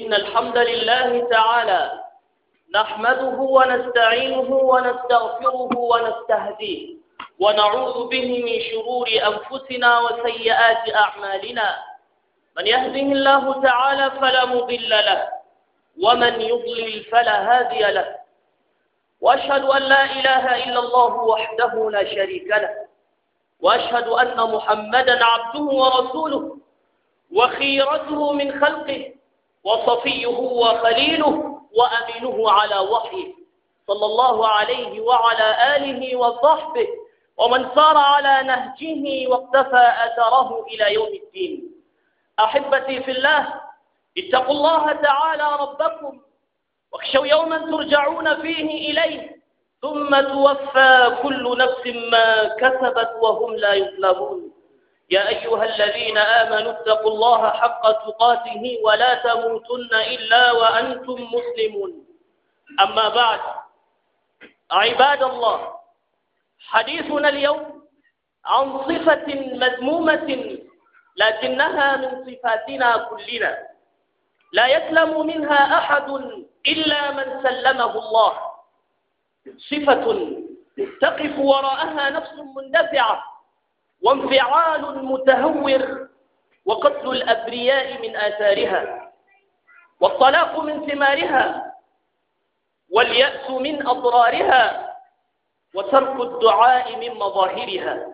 إن الحمد لله تعالى نحمده ونستعينه ونستغفره ونستهديه ونعوذ به من شرور أنفسنا وسيئات أعمالنا من يهده الله تعالى فلا مضل له ومن يضلل فلا هادي له وأشهد أن لا إله إلا الله وحده لا شريك له وأشهد أن محمدا عبده ورسوله وخيرته من خلقه وصفيه وخليله وأمينه على وحيه صلى الله عليه وعلى آله وصحبه ومن سار على نهجه واقتفى أثره إلى يوم الدين أحبتي في الله اتقوا الله تعالى ربكم واخشوا يوما ترجعون فيه إليه ثم توفى كل نفس ما كسبت وهم لا يظلمون يا أيها الذين آمنوا اتقوا الله حق تقاته ولا تموتن إلا وأنتم مسلمون أما بعد عباد الله حديثنا اليوم عن صفة مذمومة لكنها من صفاتنا كلنا لا يسلم منها أحد إلا من سلمه الله صفة تقف وراءها نفس مندفعة وانفعال متهور وقتل الأبرياء من آثارها والطلاق من ثمارها واليأس من أضرارها وترك الدعاء من مظاهرها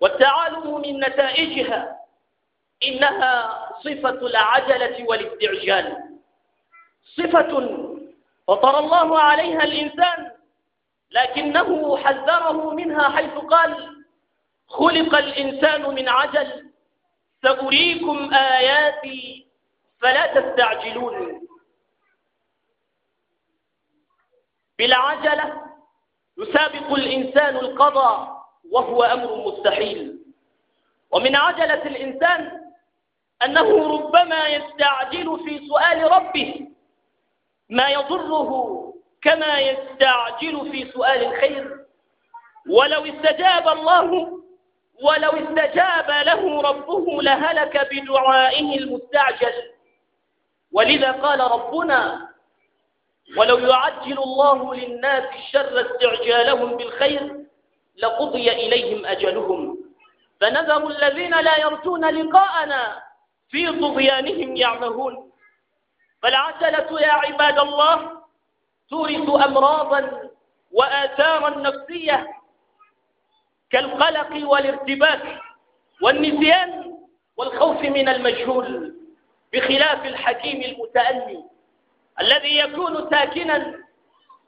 والتعالم من نتائجها إنها صفة العجلة والاستعجال صفة فطر الله عليها الإنسان لكنه حذره منها حيث قال خلق الإنسان من عجل سأريكم آياتي فلا تستعجلون بالعجلة يسابق الإنسان القضاء وهو أمر مستحيل ومن عجلة الإنسان أنه ربما يستعجل في سؤال ربه ما يضره كما يستعجل في سؤال الخير ولو استجاب الله ولو استجاب له ربه لهلك بدعائه المستعجل ولذا قال ربنا ولو يعجل الله للناس الشر استعجالهم بالخير لقضي إليهم أجلهم فنذر الذين لا يرجون لقاءنا في طغيانهم يعمهون فالعجلة يا عباد الله تورث أمراضا وآثارا نفسية كالقلق والارتباك والنسيان والخوف من المجهول بخلاف الحكيم المتأني الذي يكون ساكنا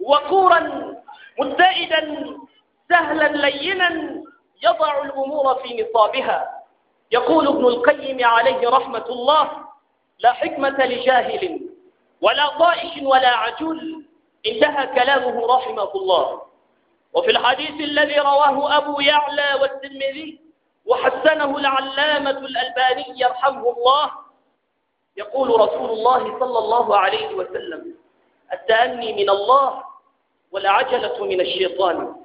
وقورا متئدا سهلا لينا يضع الأمور في نصابها يقول ابن القيم عليه رحمة الله لا حكمة لجاهل ولا طائش ولا عجول انتهى كلامه رحمه الله وفي الحديث الذي رواه أبو يعلى والترمذي وحسنه العلامة الألباني يرحمه الله يقول رسول الله صلى الله عليه وسلم التأني من الله والعجلة من الشيطان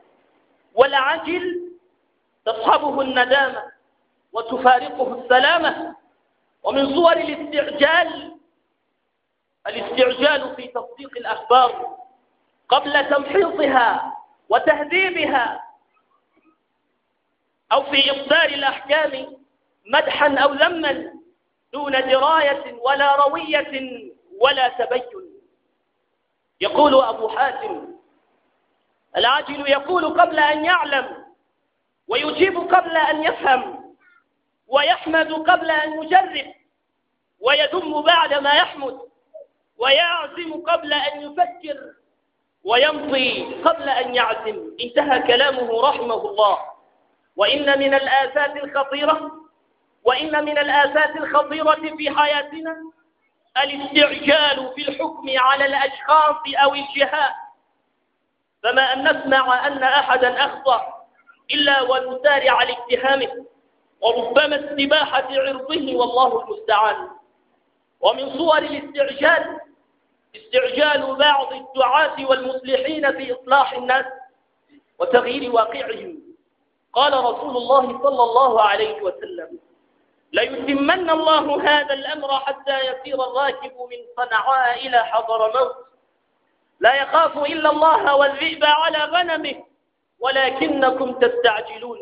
والعجل تصحبه الندامة وتفارقه السلامة ومن صور الاستعجال الاستعجال في تصديق الأخبار قبل تمحيصها وتهذيبها أو في إصدار الأحكام مدحا أو ذما دون دراية ولا روية ولا تبين يقول أبو حاتم العاجل يقول قبل أن يعلم ويجيب قبل أن يفهم ويحمد قبل أن يجرب ويذم بعد ما يحمد ويعزم قبل أن يفكر ويمضي قبل أن يعزم انتهى كلامه رحمه الله وإن من الآفات الخطيرة وإن من الآفات الخطيرة في حياتنا الاستعجال في الحكم على الأشخاص أو الجهات فما أن نسمع أن أحدا أخطأ إلا ونسارع لاتهامه وربما استباحة عرضه والله المستعان ومن صور الاستعجال استعجال بعض الدعاة والمصلحين في إصلاح الناس وتغيير واقعهم قال رسول الله صلى الله عليه وسلم ليتمن الله هذا الأمر حتى يسير الراكب من صنعاء إلى حضرموت لا يخاف إلا الله والذئب على غنمه ولكنكم تستعجلون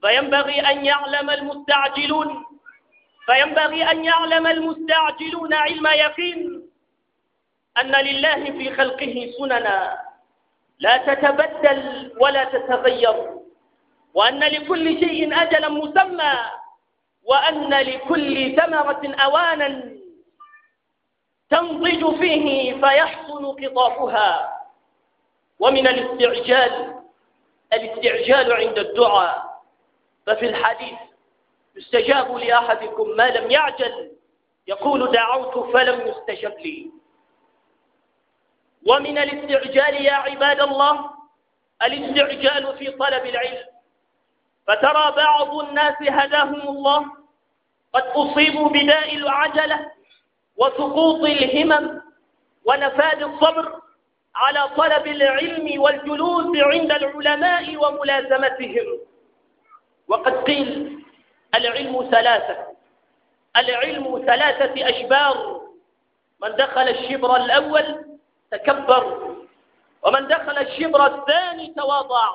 فينبغي أن يعلم المستعجلون فينبغي أن يعلم المستعجلون علم يقين أن لله في خلقه سننا لا تتبدل ولا تتغير وأن لكل شيء أجلا مسمى وأن لكل ثمرة أوانا تنضج فيه فيحصل قطافها ومن الاستعجال الاستعجال عند الدعاء ففي الحديث استجابوا لأحدكم ما لم يعجل يقول دعوت فلم يستجب لي ومن الاستعجال يا عباد الله الاستعجال في طلب العلم فترى بعض الناس هداهم الله قد أصيبوا بداء العجلة وسقوط الهمم ونفاد الصبر على طلب العلم والجلوس عند العلماء وملازمتهم وقد قيل العلم ثلاثة العلم ثلاثة أشبار من دخل الشبر الأول تكبر ومن دخل الشبر الثاني تواضع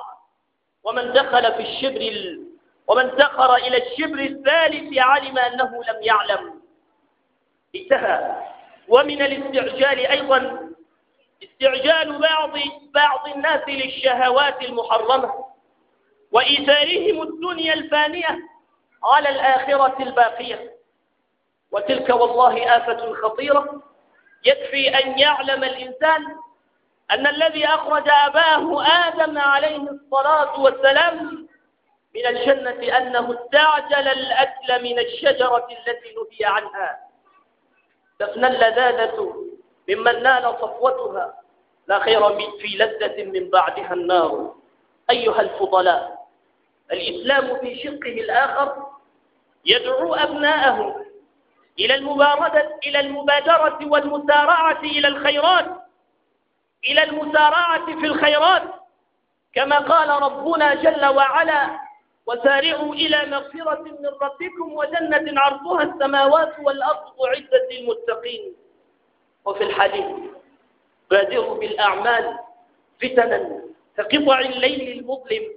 ومن دخل في الشبر ال... ومن دخل إلى الشبر الثالث علم أنه لم يعلم انتهى ومن الاستعجال أيضا استعجال بعض بعض الناس للشهوات المحرمة وإيثارهم الدنيا الفانية على الآخرة الباقية وتلك والله آفة خطيرة يكفي أن يعلم الإنسان أن الذي أخرج أباه آدم عليه الصلاة والسلام من الجنة أنه استعجل الأكل من الشجرة التي نهي عنها تفنى اللذاذة ممن نال صفوتها لا خير في لذة من بعدها النار أيها الفضلاء الإسلام في شقه الآخر يدعو أبناءه إلى المبادرة إلى المبادرة والمسارعة إلى الخيرات إلى المسارعة في الخيرات كما قال ربنا جل وعلا وسارعوا إلى مغفرة من ربكم وجنة عرضها السماوات والأرض أعدت للمتقين وفي الحديث بادروا بالأعمال فتنا كقطع الليل المظلم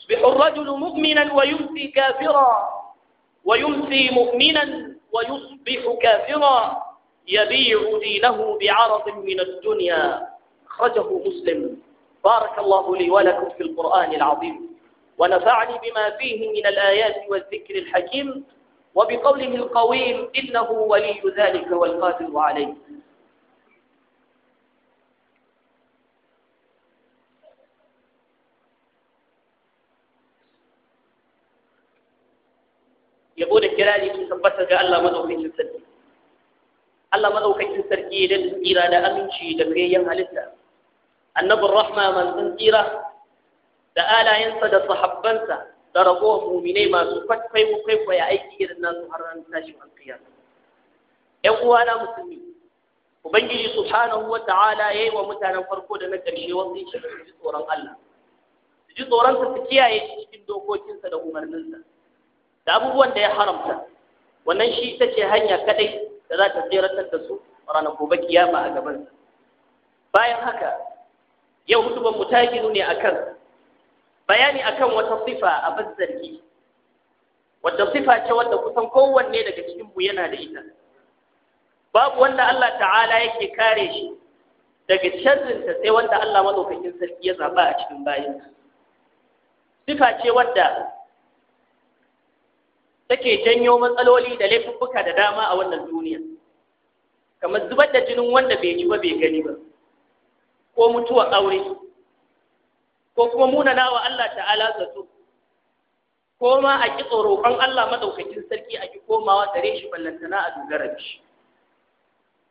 يصبح الرجل مؤمنا ويمسي كافرا ويمسي مؤمنا ويصبح كافرا يبيع دينه بعرض من الدنيا أخرجه مسلم بارك الله لي ولكم في القرآن العظيم ونفعني بما فيه من الآيات والذكر الحكيم وبقوله القويم إنه ولي ذلك والقادر عليه yabo da kirari sun tabbatar ga Allah madaukakin sarki Allah madaukakin sarki da tsira da aminci da fayyan halitta annabin rahma manzon tsira da alayensa da sahabbansa da ragowar muminai masu kwaikwayo a aiki irin nasu har ran tashi alkiyama ƴan uwana musulmi ubangiji subhanahu wa ta'ala yayi wa mutanen farko da na ƙarshe wasu shi tsoron Allah su ji tsoron su kiyaye cikin dokokinsa da umarninsa da abubuwan da ya haramta wannan shi ita ce hanya kadai da za ta tseratar da su ranar gobe kiyama a gaban bayan haka yau hutuban mu ta ginu ne akan bayani akan wata sifa a bazzargi wadda sifa ce wadda kusan kowanne daga cikin mu yana da ita babu wanda Allah ta'ala yake kare shi daga sharrinta sai wanda Allah madaukakin sarki ya zaba a cikin bayansa sifa ce wadda take janyo matsaloli da laifuffuka da dama a wannan duniya kamar zubar da jinin wanda bai ji ba bai gani ba ko mutuwa aure ko kuma munana wa Allah ta'ala zato ko ma a ki kan Allah madaukakin sarki a ki komawa gare shi ballantana a dogara shi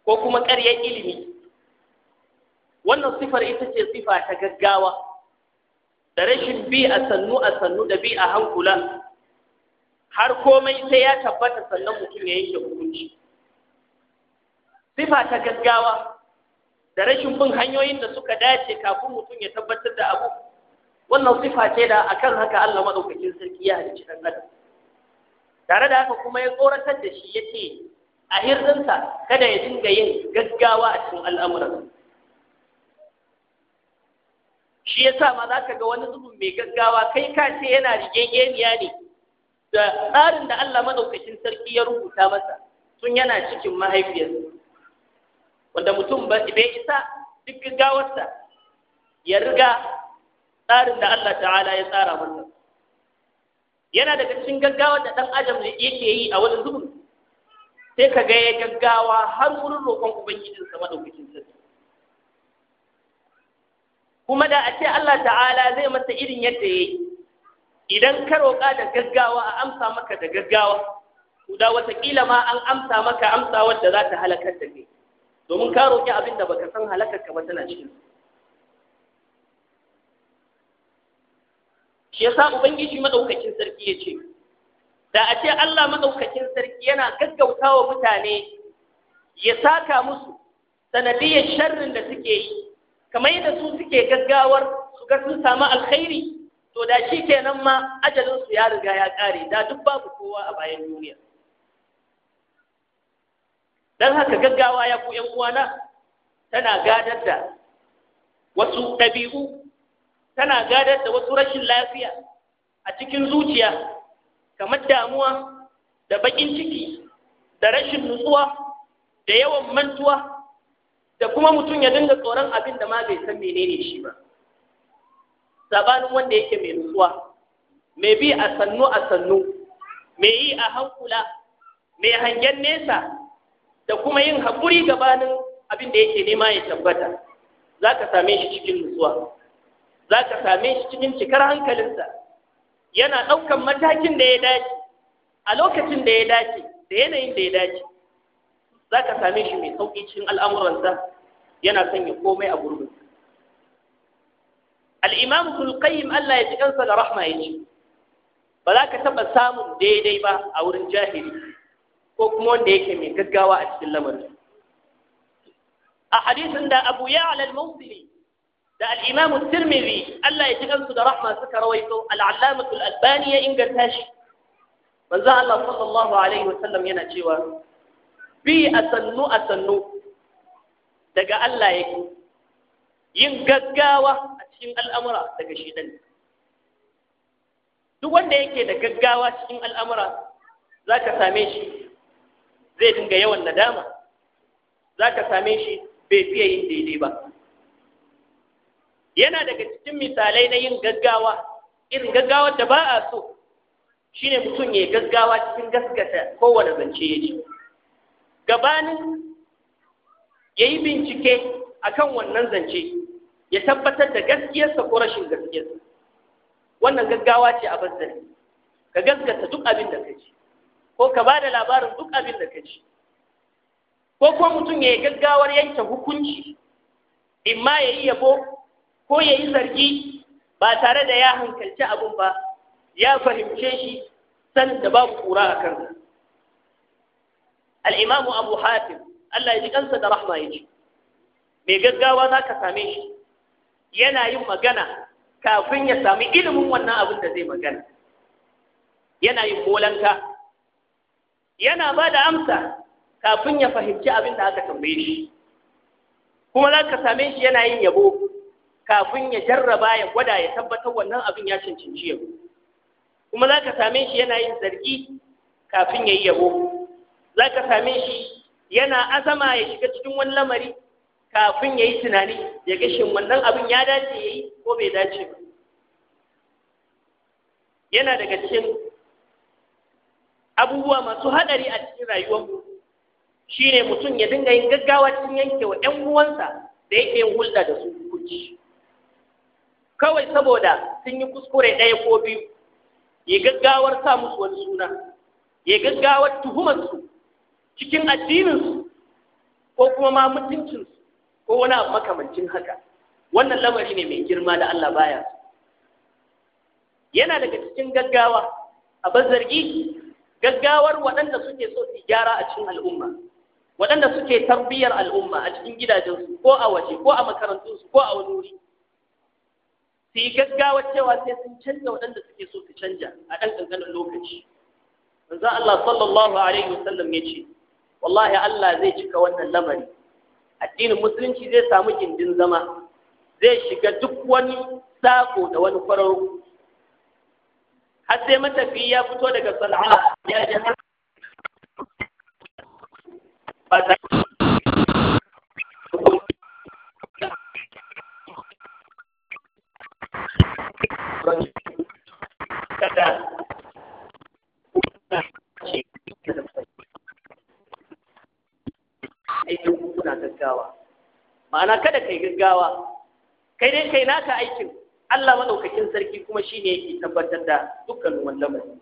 ko kuma ƙaryar ilimi wannan sifar ita ce sifa ta gaggawa da rashin bi a sannu a sannu da bi a hankula har komai sai ya tabbata sannan mutum ya yanke hukunci sifa ta gaggawa da rashin bin hanyoyin da suka dace kafin mutum ya tabbatar da abu wannan sifa ce da akan haka Allah madaukakin sarki ya halicci dan adam tare da haka kuma ya tsoratar da shi yace a hirrinsa kada ya dinga yin gaggawa a cikin al'amuran shi yasa ma za ka ga wani zubin mai gaggawa kai ka ce yana rigegeniya ne da tsarin da Allah madaukakin sarki ya rubuta masa tun yana cikin mahaifiyarsa wanda mutum ba bai isa duk gawarsa ya riga tsarin da Allah ta'ala ya tsara masa yana daga cikin gaggawa da dan adam yake yi a wani zubin sai ka ga ya gaggawa har wurin roƙon sa madaukakin sarki kuma da a ce Allah ta'ala zai masa irin yadda ya idan ka roƙa da gaggawa a amsa maka da gaggawa da watakila ma an amsa maka amsa wadda za ta halakar da kai domin ka roƙi abin da baka san halakar ka ba tana cikin shi yasa ubangiji madaukakin sarki ya ce da a ce Allah madaukakin sarki yana gaggautawa mutane ya saka musu sanadiyar sharrin da suke yi kamar yadda su suke gaggawar su ga sun samu alkhairi to da shi kenan ma ajalinsu ya riga ya ƙare da duk babu kowa a bayan duniya don haka gaggawa ya ku uwana tana gadar da wasu ɗabi'u tana gadar da wasu rashin lafiya a cikin zuciya kamar damuwa da baƙin ciki da rashin nutsuwa da yawan mantuwa da kuma mutum ya dinga tsoron abin da ma bai san menene shi ba sabanin wanda yake mai nutsuwa mai bi a sannu a sannu mai yi a hankula mai hangen nesa da kuma yin haƙuri gabanin abin da yake nema ya tabbata za ka same shi cikin nutsuwa za ka same shi cikin cikar hankalinsa yana ɗaukan matakin da ya dace a lokacin da ya dace da yanayin da ya dace za ka same shi mai sauƙi cikin al'amuransa yana sanya komai a gurbinsa al'imam kulkayyim Allah ya ji kansa da rahma ya ce ba za ka taɓa samun daidai ba a wurin jahili ko kuma wanda yake mai gaggawa a cikin lamarin a hadisin da abu ya alal mawzili da al'imamu tirmidhi Allah ya ji kansu da rahma suka rawaito al'allamatul albani ya inganta shi manzo Allah sallallahu alaihi wasallam yana cewa bi a sannu a sannu daga Allah yake yin gaggawa cikin al'amura daga ɗan. duk wanda yake da gaggawa cikin al'amura za ka same shi zai dinga yawan nadama za ka same shi bai fiye yin daidai ba yana daga cikin misalai na yin gaggawa irin gaggawar da ba a so ne mutum ya gaggawa cikin gaskata kowane zance ya ji gabanin ya yi bincike a kan wannan zance ya tabbatar da gaskiyarsa ko rashin gaskiyarsa wannan gaggawa ce a bazzari ka gaskata duk abin da ka ji ko ka ba da labarin duk abin da ka ji ko kuma mutum ya yi gaggawar yanke hukunci in ma ya yi yabo ko ya yi zargi ba tare da ya hankalci abin ba ya fahimce shi san da babu kura a kansa al'imamu abu hatim Allah ya ji kansa da rahma ya ce mai gaggawa za ka same shi yana yin magana kafin ya sami ilimin wannan abin da zai magana yana yin molanta yana ba da amsa kafin ya fahimci abin da aka tambaye shi kuma za ka same shi yana yin yabo kafin ya jarraba ya gwada ya tabbatar wannan abin ya cancanci yabo kuma za ka same shi yana yin zargi kafin ya yi yabo za ka same shi yana azama ya shiga cikin wani lamari kafin ya yi tunani ya ga shin wannan abin ya dace ya yi ko bai dace ba yana daga cikin abubuwa masu haɗari a cikin rayuwarmu shi ne mutum ya dinga yin gaggawa cikin yanke wa ‘yan uwansa da yake yin hulɗa da su kuci kawai saboda sun yi kuskure ɗaya ko biyu ya gaggawar sa musu wani suna ya gaggawar tuhumarsu cikin addininsu ko kuma ma mutuncinsu ko wani abu makamancin haka wannan lamari ne mai girma da Allah baya yana daga cikin gaggawa a zargi gaggawar waɗanda suke so su gyara a cikin al'umma waɗanda suke tarbiyyar al'umma a cikin gidajensu ko a waje ko a makarantunsu ko a wani wuri su yi gaggawar cewa sai sun canza waɗanda suke so su canja a ɗan ƙanƙanin lokaci manzon Allah sallallahu alaihi wasallam ya ce wallahi Allah zai cika wannan lamari addinin musulunci zai samu gindin zama zai shiga duk wani sako da wani farar har sai matafi ya fito daga sal'a ya ji har kai gaggawa kai dai kai naka aikin Allah madaukakin sarki kuma shine yake tabbatar da dukkan wannan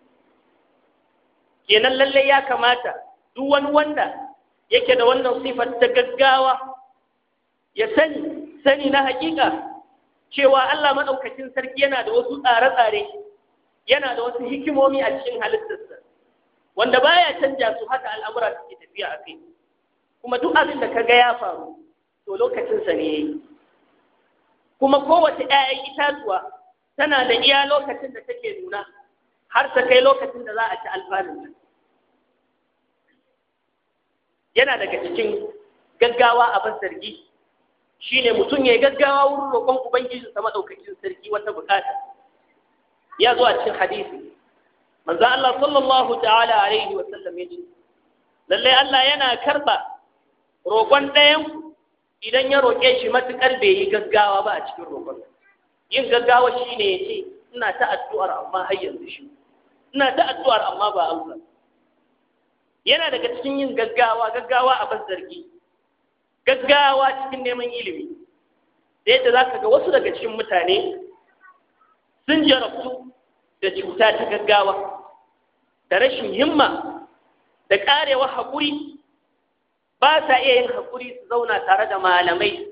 kenan lalle ya kamata duk wani wanda yake da wannan sifar ta gaggawa ya sani sani na hakika cewa Allah madaukakin sarki yana da wasu tsare-tsare yana da wasu hikimomi a cikin halittarsa wanda baya canja su haka al'amura suke tafiya a kai kuma duk abin da ka ga ya faru to lokacin sa ne yayi kuma kowace ƴaƴan itatuwa tana da iya lokacin da take nuna har ta kai lokacin da za a ci alfanun yana daga cikin gaggawa abin sarki shine mutum ya gaggawa wurin roƙon sa maɗaukakin sarki wata buƙata ya zo a cikin hadisi manzo Allah sallallahu ta'ala alaihi wa sallam ya ce lallai Allah yana karɓa roƙon ɗayan idan ya roƙe shi matuƙar bai yi gaggawa ba a cikin roƙon yin gaggawa shi ne ya ce ina ta addu'ar amma har yanzu shi ina ta addu'ar amma ba amsa yana daga cikin yin gaggawa gaggawa a bas zargi gaggawa cikin neman ilimi da yadda za ka ga wasu daga cikin mutane sun jarabtu da cuta ta gaggawa da rashin himma da ƙarewa haƙuri ba sa iya yin hakuri su zauna tare da malamai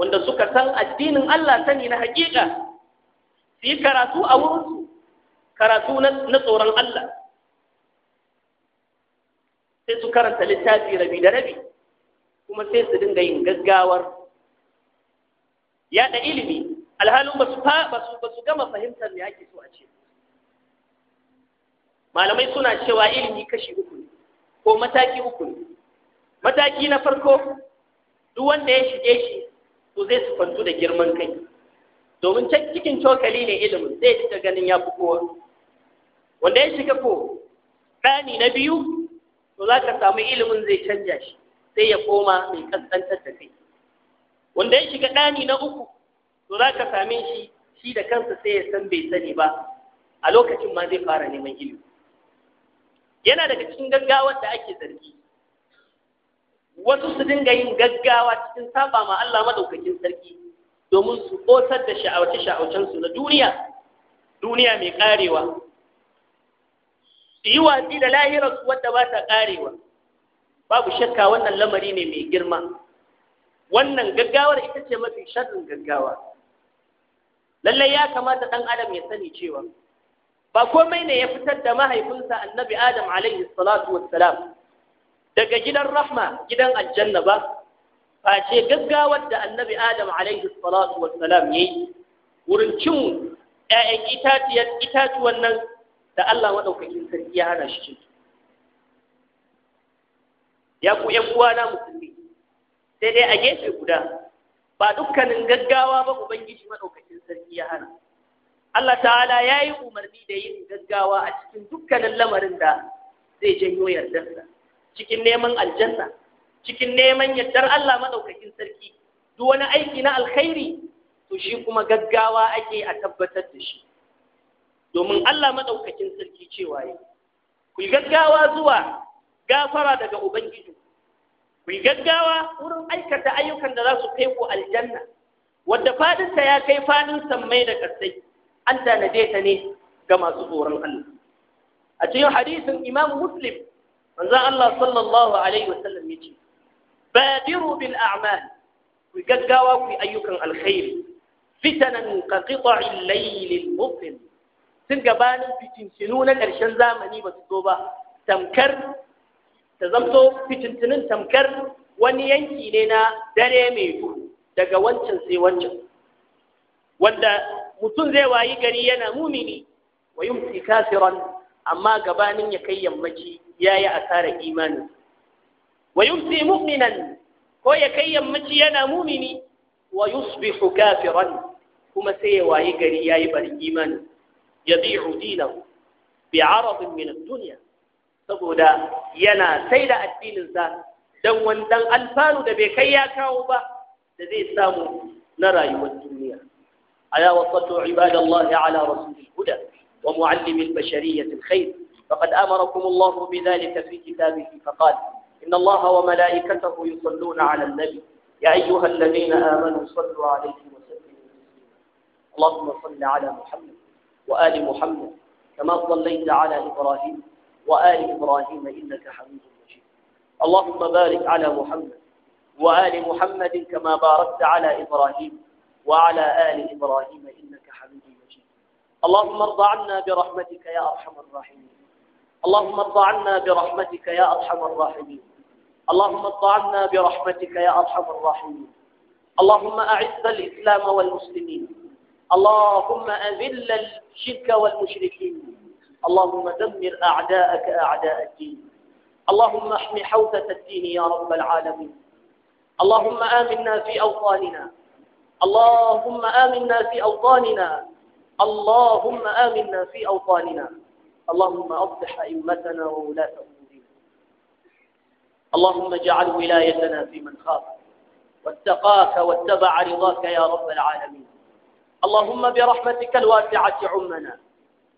wanda suka san addinin Allah sani na hakika su yi karatu a wurinsu karatu na tsoron Allah sai su karanta littafi rabi da rabi kuma sai su dinga yin gaggawar yaɗa ilimi alhalin ba su ba su gama fahimtar me ake so a ce malamai suna cewa ilimi kashi uku ne ko mataki uku ne mataki na farko duk wanda ya shige shi to zai sufantu da girman kai domin cikin cokali ne ilimin zai shiga ta ganin ya fi kowa wanda ya shiga ko ɗani na biyu to za ka samu ilimin zai canja shi sai ya koma mai kaskantar da kai wanda ya shiga ɗani na uku to za ka same shi shi da kansa sai ya san bai sani ba a lokacin ma zai fara neman ilimi yana daga cikin gaggawar da ake zargi wasu su dinga yin gaggawa cikin saba ma Allah madaukakin sarki domin su kotar da sha'awace sha'awacen su na duniya duniya mai karewa su yi watsi da lahirar su wadda ba ta karewa babu shakka wannan lamari ne mai girma wannan gaggawar ita ce mafi sharrin gaggawa lallai ya kamata Dan adam ya sani cewa ba komai ne ya fitar da mahaifinsa annabi adam alaihi salatu wassalam daga gidan rahma gidan aljanna ba a ce gaggawar da annabi adam alaihi salatu Wa wassalam yayi wurin cin ƴaƴan itaciyar itatuwan nan da Allah maɗaukakin sarki ya hana shi cin ya ku ƴan na musulmi sai dai a gefe guda ba dukkanin gaggawa ba ubangiji madaukakin sarki ya hana Allah ta'ala ya yi umarni da yin gaggawa a cikin dukkanin lamarin da zai janyo yardarsa cikin neman aljanna cikin neman yardar Allah madaukakin sarki duk wani aiki na alkhairi to shi kuma gaggawa ake a tabbatar da shi domin Allah madaukakin sarki cewa yi ku gaggawa zuwa gafara daga ubangiji ku gaggawa wurin aikata ayyukan da za su kai ku aljanna wadda fadinsa ya kai fadin sammai da kasai an tanade ta ne ga masu tsoron Allah a cikin hadisin Imam Muslim manzon Allah sallallahu alaihi wasallam yace badiru bil a'mal ku gaggawa ku ayyukan alkhairi fitanan ka qita'il layl al Sun gabanin fitintinu na ƙarshen zamani ba su zo ba tamkar ta zamto fitintunin tamkar wani yanki ne na dare mai duhu daga wancan sai wancan wanda mutum zai wayi gari yana mumini wa yumsi kafiran amma gabanin ya kai yammaci ya yi asarar imanin wa yumsi mu'minan ko ya kai yammaci yana mumini wa yusbihu kafiran kuma sai ya wayi gari ya yi bari imanin ya bi'u dinahu bi arabin min duniya saboda yana sai da addininsa don wani dan alfanu da bai kai ya kawo ba da zai samu na rayuwar duniya ala wasatu ibadallahi ala rasulil huda ومعلم البشرية الخير فقد أمركم الله بذلك في كتابه فقال إن الله وملائكته يصلون على النبي يا أيها الذين آمنوا صلوا عليه وسلموا اللهم صل على محمد وآل محمد كما صليت على إبراهيم وآل إبراهيم إنك حميد مجيد اللهم بارك على محمد وآل محمد كما باركت على إبراهيم وعلى آل إبراهيم إنك حميد مجيد اللهم ارض عنا برحمتك يا أرحم الراحمين اللهم ارض عنا برحمتك يا أرحم الراحمين اللهم ارض عنا برحمتك يا أرحم الراحمين اللهم أعز الإسلام والمسلمين اللهم أذل الشرك والمشركين اللهم دمر أعداءك أعداء الدين اللهم احم حوزة الدين يا رب العالمين اللهم آمنا في أوطاننا اللهم آمنا في أوطاننا اللهم آمنا في أوطاننا اللهم أصلح أئمتنا وولاة أمورنا اللهم اجعل ولايتنا في من خافك واتقاك واتبع رضاك يا رب العالمين اللهم برحمتك الواسعة عمنا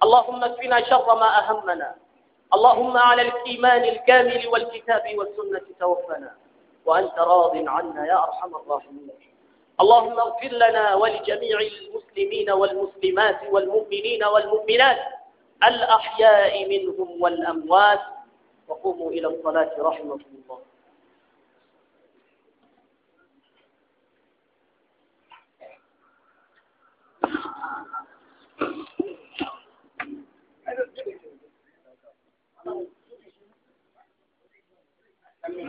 اللهم اكفنا شر ما أهمنا اللهم على الإيمان الكامل والكتاب والسنة توفنا وأنت راض عنا يا أرحم الراحمين اللهم اغفر لنا ولجميع المسلمين والمسلمات والمؤمنين والمؤمنات الأحياء منهم والأموات وقوموا إلى الصلاة رحمكم الله Thank you.